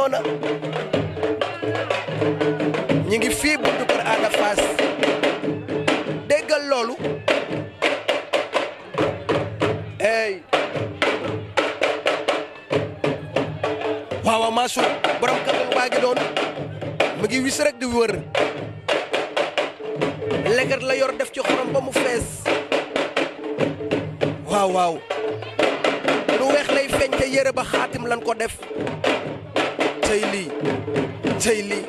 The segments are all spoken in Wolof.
noona ñi ngi fii buntu kër Ada déggal loolu ey waaw maasu borom kàddu baa ngi noonu mu ngi wis rek di wër leget la yor def ci xorom ba mu fees waaw waaw lu weex lay feeñ te yére ba xaatim lan ko def cëy lii cëy lii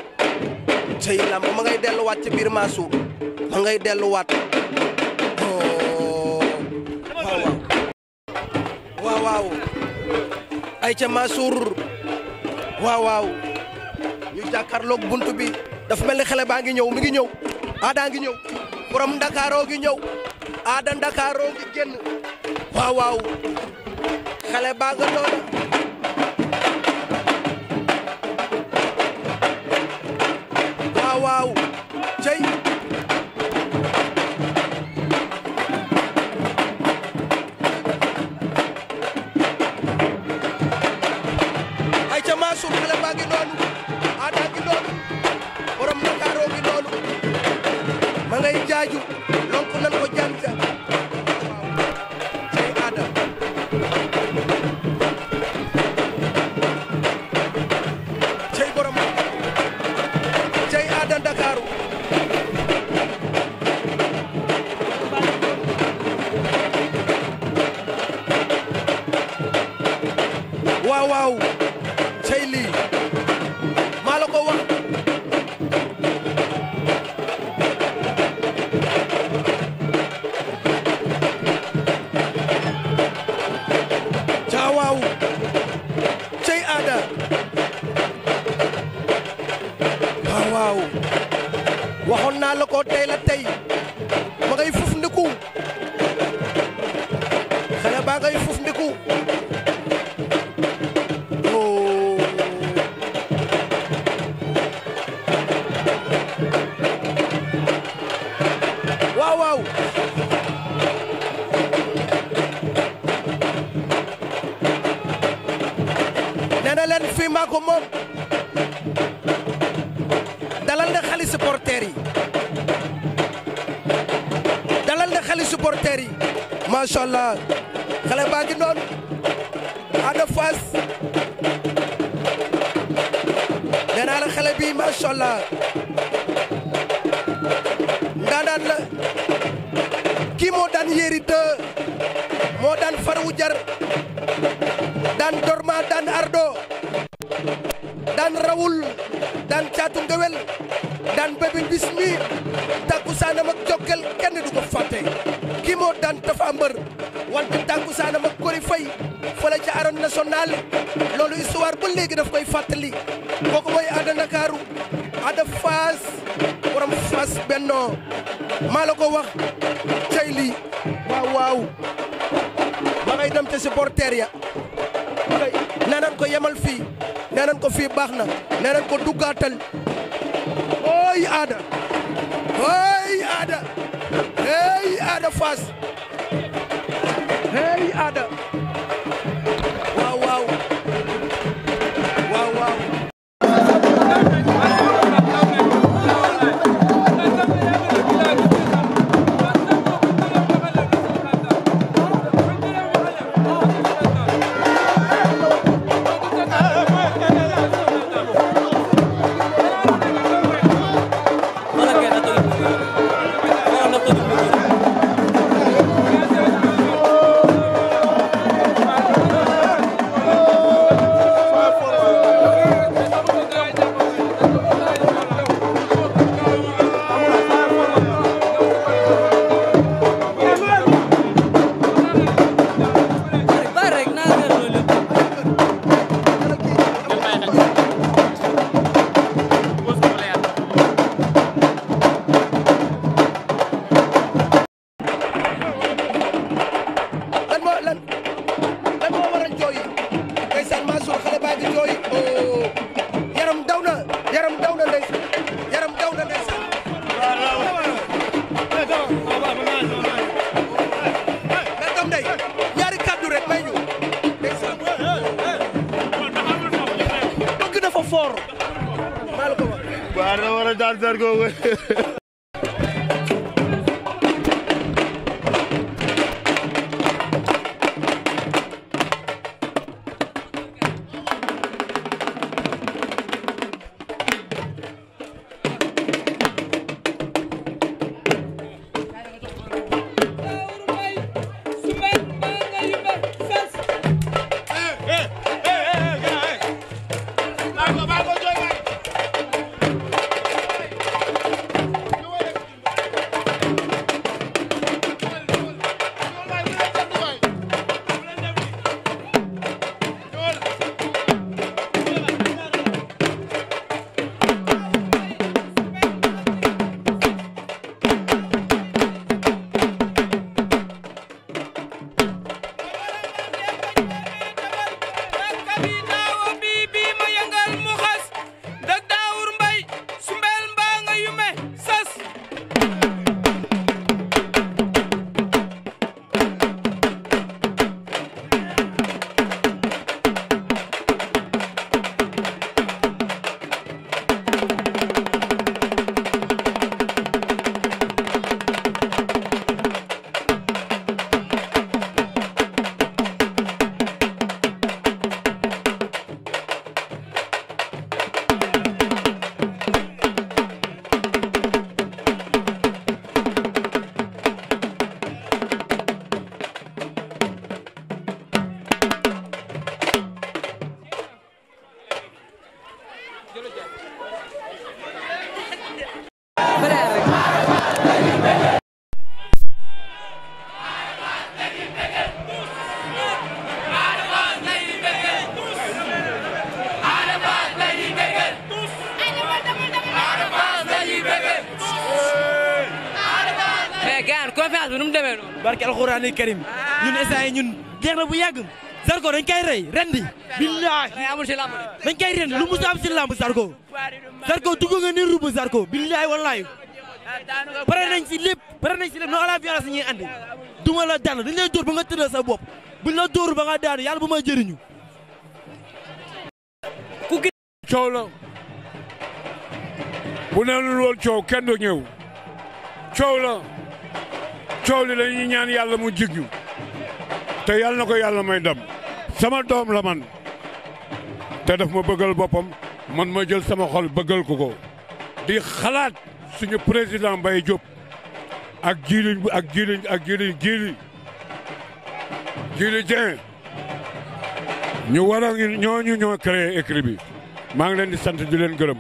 cëy làmb ma ngay delluwaat ci biir maasu ma ngay delluwaat oh. waaw waaw ay ca Mansour waaw waaw ñu jàkkaarloog bunt bi dafa mel ni xele baa ngi ñëw mi ngi ñëw aadaa ngi ñëw borom Ndakaaroo ngi ñëw aada Ndakaaroo ngi génn waaw waaw baa nga noonu waaw maa ko moom dalal na xali supporters yi dalal na xali supporters yi macha xale baa ngi noonu Ada Fass la xale bi macha allah la kii moo daan yéeri de moo daan faru jar daan dorma daan ardo daan rawul daan caatu ngewel daan bébé bismi tàkkusaanam ak jokkel kenn du ko fàtte kii moo daan Tapha Mbeur wante tàkkusaanam ak Coly Faye fële ca arène nationale loolu histoire ba léegi daf koy fàttali kooku mooy Ada Ndakaaru Ada Fass borom Fass Benno maa la ko wax cay lii waaw waaw ma ngay dem ca supporter ya nee nañ ko yemal fii nee ko fii baax na nee ko duggaatal ooy aada ooy aada hey aada Fass hey aada attention xale baa ngi yooyu oh. yaram daw na yaram daw na ndey yaram daw na ndey mais doom ndey ñaari kàddu rek may ñu bëgg na fa fort maa la ko wax war a daan Zarko conférence bi nu mu demee karim ñun instant yi ñun jeex na bu yàgg. Zarko dañ koy rey rendi. billaahi dañ koy rendi lu musu am si lamb Zarko. Zarko dugg nga ni rubu Zarko billaahi wallaahi. pare nañ si lépp pare nañ si lépp noonu à la ñuy andi. duma la daan dañ lay dóor ba nga tëddal sa bop buñ la dóor ba nga daan yàlla bu ma jëriñu. ku gis. coow la bu ne woon coow kenn du ñëw coow la. coow li dañuy ñaan yàlla mu jig ñu te yàlla na ko yàlla may ndam sama doom la man te daf ma bëggal boppam man ma jël sama xol bëggal ko ko di xalaat suñu président Mbaye Diop ak jiiliñ ak jiiliñ ak jiiliñ jiili jiili Dieng ñu war a ñooñu ñoo créé écrit bi maa ngi leen di sant di leen gërëm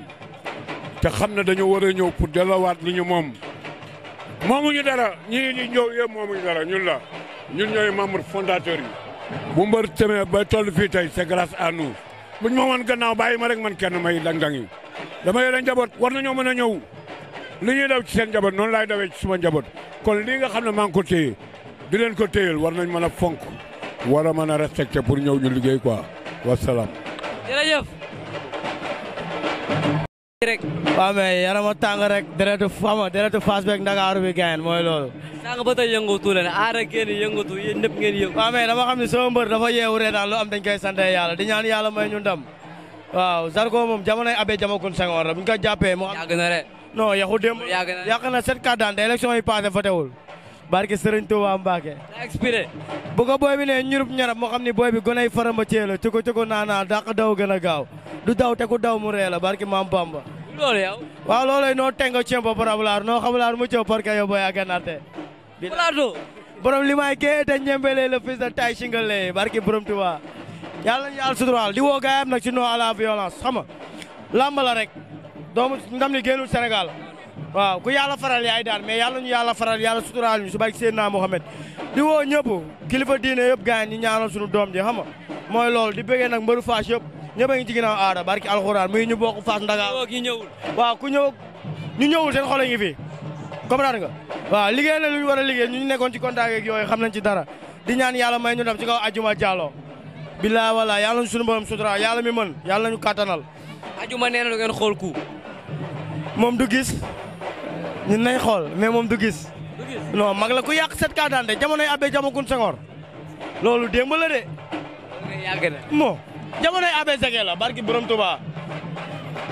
te xam ne dañu war a ñëw pour delluwaat li ñu moom moomuñu dara ñii ñu ñëw yëpp moomuñu dara ñun la ñun ñooy membre fondateur yi bu mbër demee ba toll fii tey c'est grâce à nous bu ñu ma woon gannaaw bàyyi ma rek man kenn may dang-dang yi dama yore njaboot war nañoo mën a ñëw li ñuy daw ci seen njaboot noonu laay dawee ci suma njaboot kon lii nga xam ne maa ngi ko téye di leen ko téyel war nañ mën a fonk war a mën a respecté pour ñëw ñu liggéey quoi wasalaam rek waaw mais yarama tàng rek deretu fama deretu Fass beeg Ndakaaru bi gayen mooy loolu sànq ba tey yëngatu leen aara ngeen yëngatu yéen ñëpp ngeen yëngu waaw mais dama xam ne dafa yeewu reetaan lu am dañ koy sante yàlla di ñaan yàlla may ñu ndam waaw Zarko moom jamonoy abe jamakun Senghor la bu ñu ko jàppee mu yàgg na rek non yaxu démb yàgg daan te élection yi passé barke Serigne Touba Mbacke. expiré. bu ko ñurub ñarab moo xam ni booy bi gonay faramba ceela cuko cuko naanaa dàq daw gën a gaaw du daw te ku daw mu ree la barke maam Bamba. loolu yow. waaw loolay noo tengo tiempo para hablar no hablar mucho porque yo voy a ganarte. plateau. borom li may gée te ñembele le fils de Tay Shingalé barke borom Touba. yàlla nañu yàlla suturaal di woo gaayam nag ci non à la violence xam rek doomu ndam li génnul Sénégal. waaw ku yàlla faral yaay daan mais yàlla ñu yàlla faral yàlla suturaal ñu su bay seen naa Mohamed di woo ñëpp kilifa diine yëpp gars ñi ñaanal suñu doom ji xam nga mooy loolu di bëggee nag mbëru Fass yëpp ñëpp a ngi ci ginnaaw aada barki alxuraan muy ñu bokk Fass Ndaga waaw ku ñëw ñu ñëwul seen xol ngi fi comprendre nga waaw liggéey na lu ñu war a liggéey ñu nekkoon ci contact yeeg yooyu xam nañ ci dara di ñaan yàlla may ñu dem ci kaw ajuma jàlloo wala yàlla ñu suñu borom sutura yàlla mi mën yàlla ñu kàttanal ajuma nee na lu ngeen xool ku moom du gis ñun nay xool mais moom du gis. non mag la ku yàq set kaa daan de jamonoy abbé jamagun Senghor loolu démb la de. yàgg na bon jamonoy abbé Zege la barki borom Touba.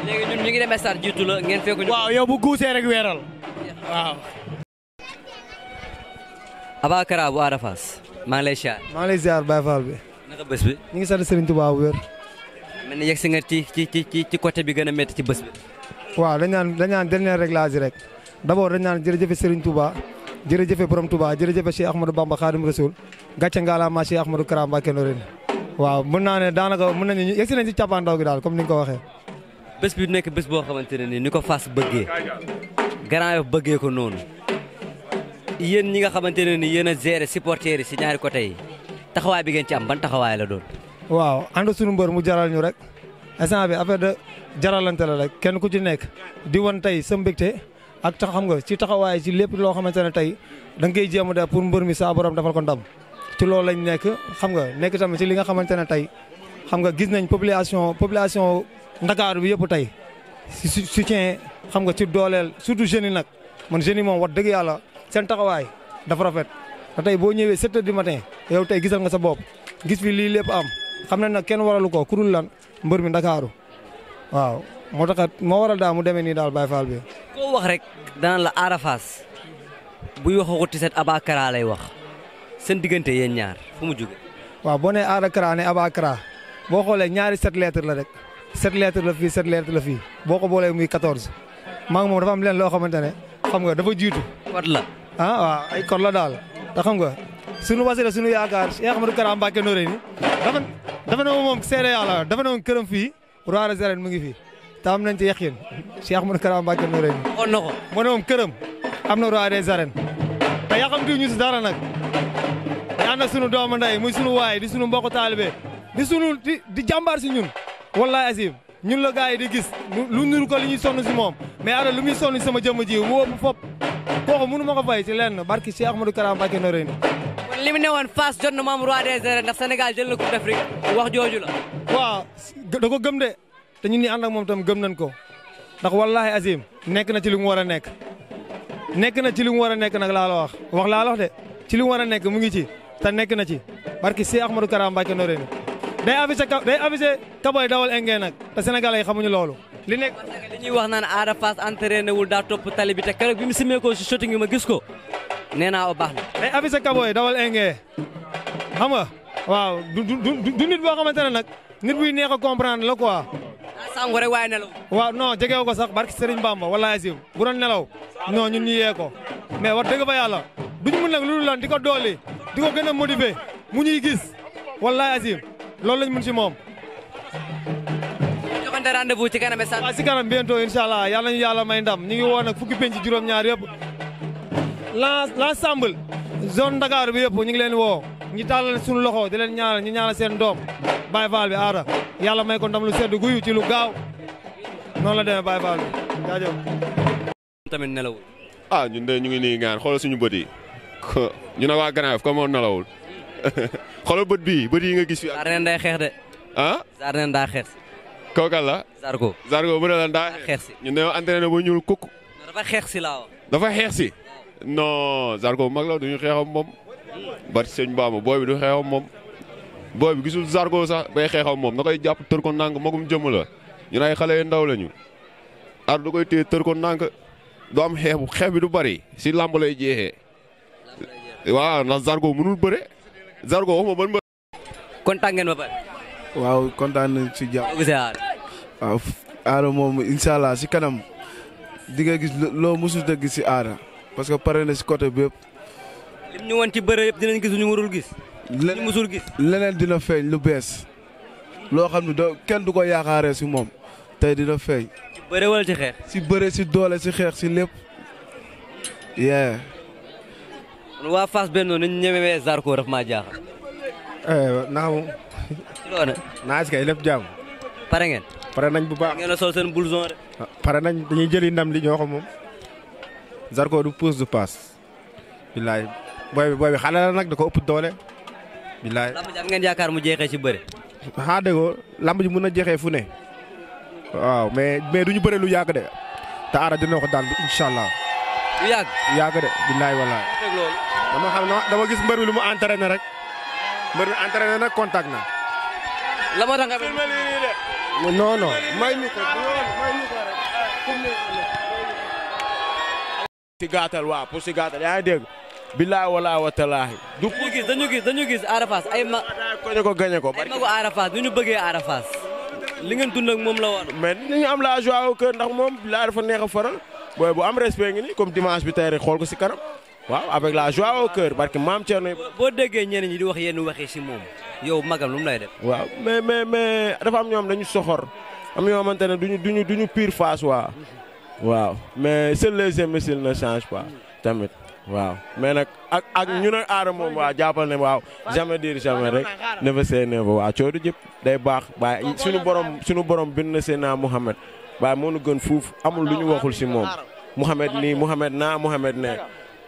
léegi ñun ñu ngi demee Sarr jiitu la ngeen fekk ñu. waaw yow bu guusee rek weeral waaw. Abakara Arafas maa ngi lay ziar. maa bi. ñu ngi sant Serigne Touba bu wér. mel ni yegg si nga ci ci ci ci côté bi gën a métti ci bës bi. waaw dañu naan dañu naan rek. d' abord dañ naan jërëjëfe Serigne Touba jërëjëfe borom Touba jërëjëfe Cheikh Ahmadou Bamba Khadim Rasoul gàcce ngaalaamaa Cheikh Ahmadou Kara Mbacké Noreyni waaw mën naa ne daanaka mën nañu yegsi nañ ci cappaandaw gi daal kom ni nga ko waxee bés bi nekk bés boo xamante ne ni ni ko Fass bëggee Grand Yoff bëggee ko noonu yéen ñi nga xamante ne ni yéen a géré supporters si ñaari côté yi taxawaay bi ngeen ci am ban taxawaay la doon waaw ànd suñu mbër mu jaral ñu rek instant bi affaire de jaralante la rek kenn ku ci nekk di wan tey sa mbégte ak tax xam nga ci taxawaay si lépp loo xamante ne tey danga nga koy jéem a pour mbër mi saa borom defal ko ndam ci loolu lañ nekk xam nga nekk tamit ci li nga xamante ne tey xam nga gis nañ population population Ndakaaru bi yëpp tey si soutien xam nga ci dooleel surtout jeunes yi nag man jeunes yi moom wax dëgg yàlla seen taxawaay dafa rafet te tey boo ñëwee 7 heures du matin yow tey gisal nga sa bopp gis fi lii lépp am xam ne nag kenn waralu ko ku la mbër mi Ndakaaru moo taxat moo waral daal mu demee nii daal Baye Fall bi. koo wax rek dana la Ada Fass wax waxoo ko tiset Abakara lay wax seen diggante yéen ñaar fu mu jóge waaw boo nee Ada Kara ne boo xoolee ñaari sept lettres la rek sept lettres la fii sept lettres la fii boo ko boolee muy quatorze. maa ngi moom dafa am leen loo xamante ne xam nga dafa jiitu. kot la ah waaw ay kot la daal te xam nga sunu wasila sunu yaakaar Cheikh Amadou Kara Mbacké Noreyni dafa dafa ne seede yàlla fii Roi des mu ngi fii. taam nañ ci yaqin Cheikh Ahmadou Kara Mbacké Noreyni. waxoon na ko mu ne moom këram am na roi des arènes te yàqamtu ñu si dara nag ñaan nag sunu doomu muy sunu waay di sunu mbokku taalibe di sunu di di jàmbaar si ñun wallaay asim ñun la gars yi di gis lu nur ko lu ñuy sonn si moom mais ara lu muy sonn si sama jëmm ji mu ëpp fop kooku mënu ma ko fay si lenn barki Cheikh Ahmadou Kara Mbacké Noreyni. kon li mu ne woon Fass jot na mu am roi des arènes la. te ñun ñi ànd ak moom tam gëm nañ ko ndax wallaahi azim nekk na ci li mu war a nekk nekk na ci li mu war a nekk nag laa la wax wax de ci li mu war a nekk mu ngi ci te nekk na ci barki si Ahmadou Kara Mbacké Noreyni day avisé day avisé kaboy dawal engrais nag te sénégalais yi xamuñu loolu. li nekk li ñuy wax naan Ada Fass entraîné wul daa topp tali bi te keroog bi mu simee ko si shooting bi ma gis ko nee naa o baax na. day avisé kaboy dawal engrais xam nga waaw du du du nit boo xamante ne nag nit buy neex a comprendre la quoi. sangu rek waaye nelaw. waaw non jegewu ko sax barki Serigne Bamba wala Azim bu doon nelaw non ñun ñu yee ko mais wax dëgg fa yàlla duñ lan di ko doole di ko gën a motiver mu ñuy gis wala Azim loolu lañ mun ci moom. joxante rendez-vous ci kanam sant. waaw si kanam bientôt incha allah yàlla ñu yàlla may ndam ñu ngi woon nag fukki penc juróom-ñaar yëpp l'ensemble. zone Dakar bi yëpp ñu ngi leen woo ñi tàllal suñu loxo di leen ñaanal ñu ñaanal seen doom Baye Fall bi aada yàlla may ko ndam lu sedd guyu ci lu gaaw noonu la demee Baye Fall bi jaajëf. tamit nelawul. ah ñun de ñu ngi nii ngaan xoolal suñu bët yi ñu ne waa Grand Yoff comme nelawul xoolal bët bii bët yi nga gis fi. Sarr neen day xeex de. ah Sarr neen daa xeex. kooku la. Zarko Zarko mu ne la xeex si. ñu dañoo entraîné ba ñuul kukk. dafa xeex si laa wax. dafa xeex si. non Zarko mag la du ñu xeexam moom barke sëñ Bamba booy bi du xeexam moom booy bi gisul Zarko sax bay xeexam moom na koy jàpp tër ko nànk magum jëmm ñu ay xale yu ndaw lañu ar du koy téye tër ko nànk am xeex bu bi du bari si làmb lay jeexee waaw na Zarko mënul bëre Zarko waxuma ban mbër. kontaan ngeen ba pare. waaw kontaan nañ si jàpp. waaw moom incha allah si kanam di nga gis loo mosut a gis si aara. parce que pare na si côté bi yëpp. lim ñu woon ci bëre yëpp dinañ gis lu ñu warul gis. leneen musul gis. leneen dina feeñ lu bees. loo xam ne doo kenn du ko yaakaaree si moom tey dina feeñ. ci bëre wala ci xeex. si bëre si doole si xeex si lépp. yee. kon waa Fass Benno ni ñu ñemewee Zarko daf maa jaaxal. Eh, naka moom. loolu nag. naa lépp jàmm. pare ngeen. pare nañ bu baax ngeen a sol seen ah, pare nañ dañuy jëli nam li ñoo xam moom. Zarko du pousse du passe. billaay booy booy bi xale la nag da ko ëpp doole. billaay lamb ngeen yaakaar mu jeexee ci bëri. ah déggoo lamb ji mun na jeexee fu ne. waaw mais mais du ñu bëre lu yàgg de. te aara dina ko daan bi incha allah. lu yàgg lu yàgg de billaay wallaay. dama gis mbër bi lu mu entraîné na. la ma si gàttal waaw pour wa talaahi. du dañu gis dañu gis ko gañe ko. ay magu Arafas nu ñu bëggee Arafas. li ngeen la woon. mais dañu am la joie au cœur ndax moom laa dafa neex a faral. booy bu am respect ngi ni comme dimanche bi tey rek xool ko si kanam. waaw avec la joie au cœur parce que maam Thierno. boo déggee ñeneen ñi di wax yenn waxee si moom. yow magam lu mu lay def. waaw mais mais mais dafa am ñoom dañu soxor am ñoo ne duñu duñu duñu pire waa waaw mais seuls les imbéciles ne changent pas tamit waaw mais nag ak ak ah. ñu ne aada moom waa jàppal ne waaw jamais dire jamais rek never say never waaw coodu jëpp day baax waaye suñu borom suñu borom bind na seen naa Mouhamed waaye moo nu gën fuuf amul lu ñu waxul si moom Mouhamed nii Mouhamed naa Mouhamed ne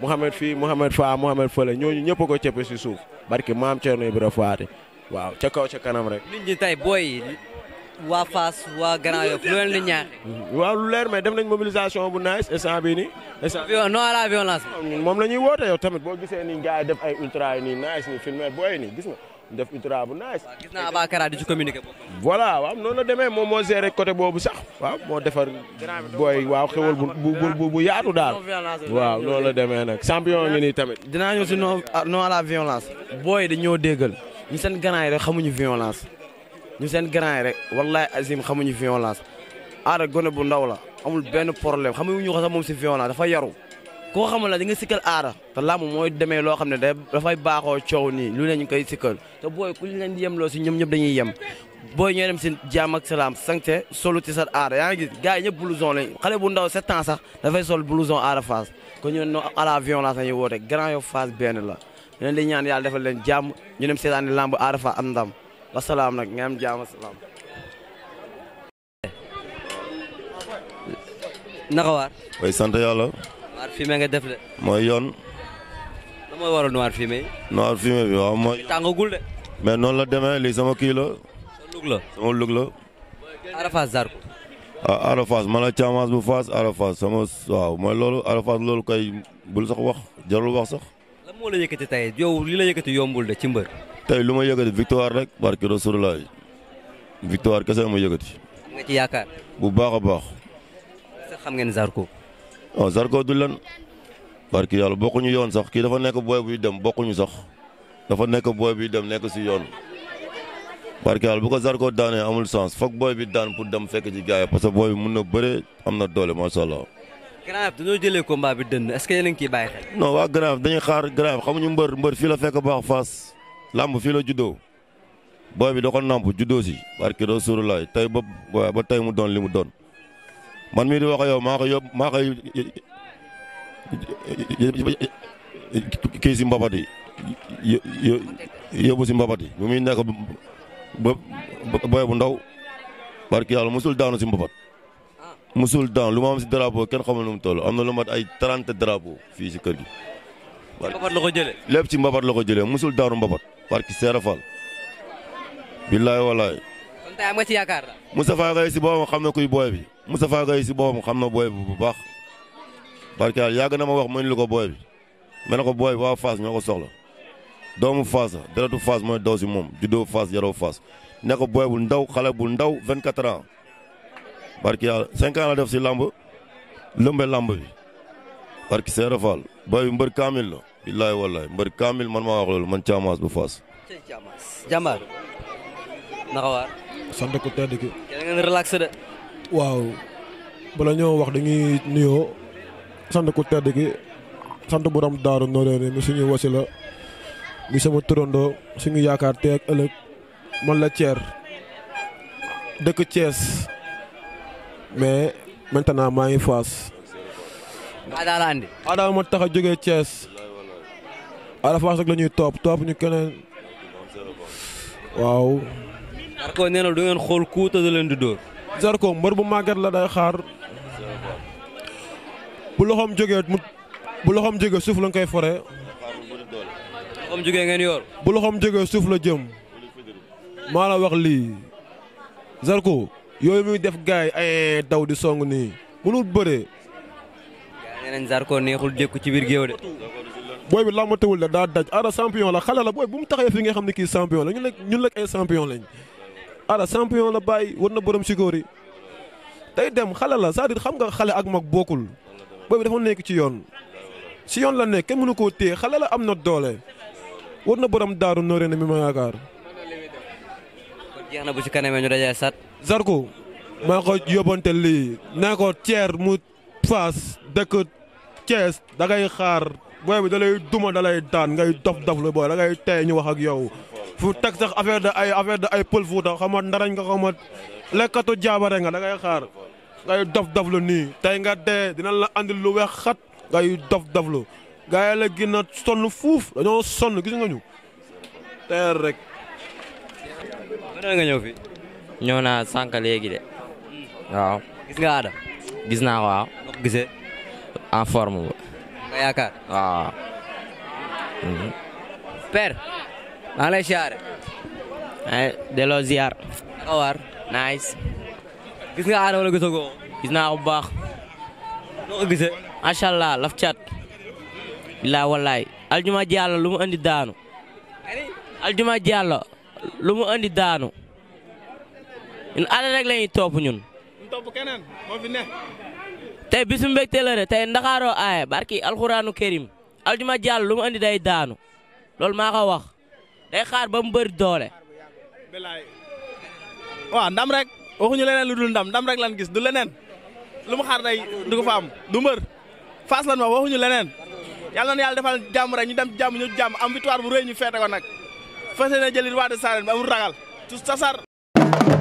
Mouhamed fii Mouhamed faa Mouhamed fële ñooñu ñëpp ko cëppe si suuf barki maam Thierno Ibra Faati waaw ca kaw ca kanam rek. nit ñi tey waa Fass waa Grand Yoff lu leen di mhm. waaw lu leer mais def nañ mobilisation bu nice instant bii nii. instant non à la moom la ñuy woote yow tamit boo gisee ni gars yi def ay ultra yi nii nice nii filmer booy nii gis nga def ultra bu nice. waaw gis naa Abakara di ci communiquer. demee moom moo géré côté boobu sax waaw moo defar booy waaw xewal bu bu bu yaatu daal. waaw noonu la demee nag champion ngi nii tamit. dinaa ñëw si non non à la violence. booy dañoo déggal ñu seen gànnaay rek xamuñu violence. ñu seen grand yi rek wallahi azim xamuñu violence aada gone bu ndaw la amul benn problème yu ko sax moom si violence dafa yaru koo xamul la di nga sikkal aada te làmb mooy demee loo xam ne de dafay baaxoo coow nii lu la ñu koy sikkal te booy ku leen di yemloo si ñoom ñëpp dañuy yem booy ñooy dem si jaam ak salaam sante solu ci sa aada yaa gars yi ñëpp blouson xale bu ndaw sept ans sax dafay sol blouson aada Fass ko ñu no à la violence nañuy woote Grand Yoff Fass benn la ñu leen ñaan yàlla defal leen jàmm ñu dem seetaani làmb aada am ndam wasalaam nag nga am waar. way sant yàlla. noir nga def de. mooy yoon. lan mooy waral noir bi waaw mooy. tàngagul de. mais noonu la demee lii sama kii la. sama lug la sama lug la. Arafas Zarko. ah bu Faas Arafas sama waaw mooy loolu Arafas loolu kay bul sax wax jarul wax sax. lan moo la yëkkati tey yow li la yëkkati yombul de ci tey lu ma yëkkati victoire rek barke Rasulullah victoire kese ma yëkkati. am nga ci yaakaar. bu baax a baax. xam ngeen Zarko. waaw Zarko du lan barke yàlla bokkuñu yoon sax kii dafa nekk booy buy dem bokkuñu sax dafa nekk booy bi dem nekk si yoon. barke yàlla bu ko Zarko daanee amul sens foog booy bi daan pour dem fekk ci gars yi parce que booy bi mun na bëre am na doole macha allah. Garaaf dañoo jëlee combat bi dënn est a ngi ciy bàyyi xel. non waa Garaaf dañuy xaar Garaaf xamuñu mbër mbër fii la fekk baax faas. làmb fii la juddoo booy bi da ko namp juddoo si barke Rasulullah tey ba ba tey mu doon li mu doon man mii di wax yow maa ko yób maa koy kii si mbapat yi yóbbu si mbapat yi bu muy nekk ba booy bu ndaw barke yàlla musul daanu si mbapat musul daan lu ma am si drapeau kenn xamul nu mu toll am na lu mat ay trente drapeau fii si kër gi. mbapat la ko jëlee lépp ci mbapat la ko jëlee musul daanu mbapat. barki Seera Fall. billaay walaay. kon tey am yaakaar la. Moustapha Gaye si boppam xam na kuy booy bi Moustapha Gaye si boppam xam na booy bi bu baax. barki yàlla yàgg na ma wax mënuñu ko booy bi. mën na ko booy bi waa Fass ñoo ko soxla. doomu Fass deretu Fass mooy doo si moom juddoo Fass yaroo Fass ne ko booy bu ndaw xale bu ndaw 24 ans. barki yàlla 5 ans la def si lamb lëmbe lamb bi. barki Seera Fall booy bi mbër kaamil la. maa wax loolu man caamaas bu faas. jàmbaar. naka waar. sant ko tedd ki. waaw bala ñoo wax dañuy nuyoo sant ko tedd ki sant borom daaru Noreyni mi suñu wasila mi sama turandoo suñu yaakaar tey ak ëllëg man la Thier dëkk Thiès mais maintenant maa ngi faas. Aada ma tax a jógee Thiès. Ada Fass rek la ñuy topp topp ñu keneen waaw. Zarko nee du ngeen xool kuuta da leen di dóor. sarko mbër bu màgget la day xaar bu loxoom jógee mu bu loxoom jógee suuf lañ koy fore. loxoom jógee ngeen yor. bu loxoom jógee suuf la jëm maa la wax lii sarko yooyu muy def gaay ay daw di song nii mënul bëree. yaa neexul jékku ci biir géew de. booy bi làmbatewul la daa daj Ada champion la xale la booy bu mu taxee fi nga xam ne kii champion la ñun nag ay champion lañ Ada champion la bàyyi war na borom sikóor yi day dem xale la cest à xam nga xale ak mag bokkul booy bi dafa nekk ci yoon si yoon la nekk kenn mënu koo téye xale la am na doole war na borom daaru nooree na mi ma yaakaar. jeex na bu ci kanamee ñu dajee sat. Zarko maa ko yobante lii nee ko ceer mu faas dëkk Thiès dagay xaar. booy bi da lay duma da daan ngay dof dof lu booy da ngay ñu wax ak yow fu teg sax affaire de ay affaire ay pël fuuta xam nga ndarañ nga xam nga lekkatu jaabare nga da ngay xaar ngay dof dof lu nii tey nga dee dinañ la andil lu weex xat ngay dof dof lu gaa yi la gën sonn fuuf dañoo sonn gis nga ñu teer rek. nga ñëw fi. ñëw naa sànq léegi de. Hmm. waaw gis nga Ada. gis naa waaw. gisee en forme ba. Mhm. E, nga yaakaar waaw. père. maa ngi lay siyaare. delloo gis nga aada wala gisagoo. gis naa ko bu baax. noo ko gisee. macha allah laf cat. billaa wallaay. aljuma jàll lu mu andi daanu. aljuma jàll lu mu andi daanu. ñun aada rek la ñuy te bisu mbégte la de tey ndaxaaroo aaye barki alxuraanu karim aljuma jàll lu mu andi day daanu loolu maa ko wax day xaar ba mu bëri doole. waaw ndam rek waxuñu leneen lu dul ndam ndam rek lan gis du leneen lum mu xaar day du am du mbër faas lan ma waxuñu leneen yàlla na yàlla defal jàmm rek ñu dem jàmm ñu jàmm am victoire mu rëy ñu feete ko nag fas yéene jëlit waa de Sarène ba amul ragal tout sasar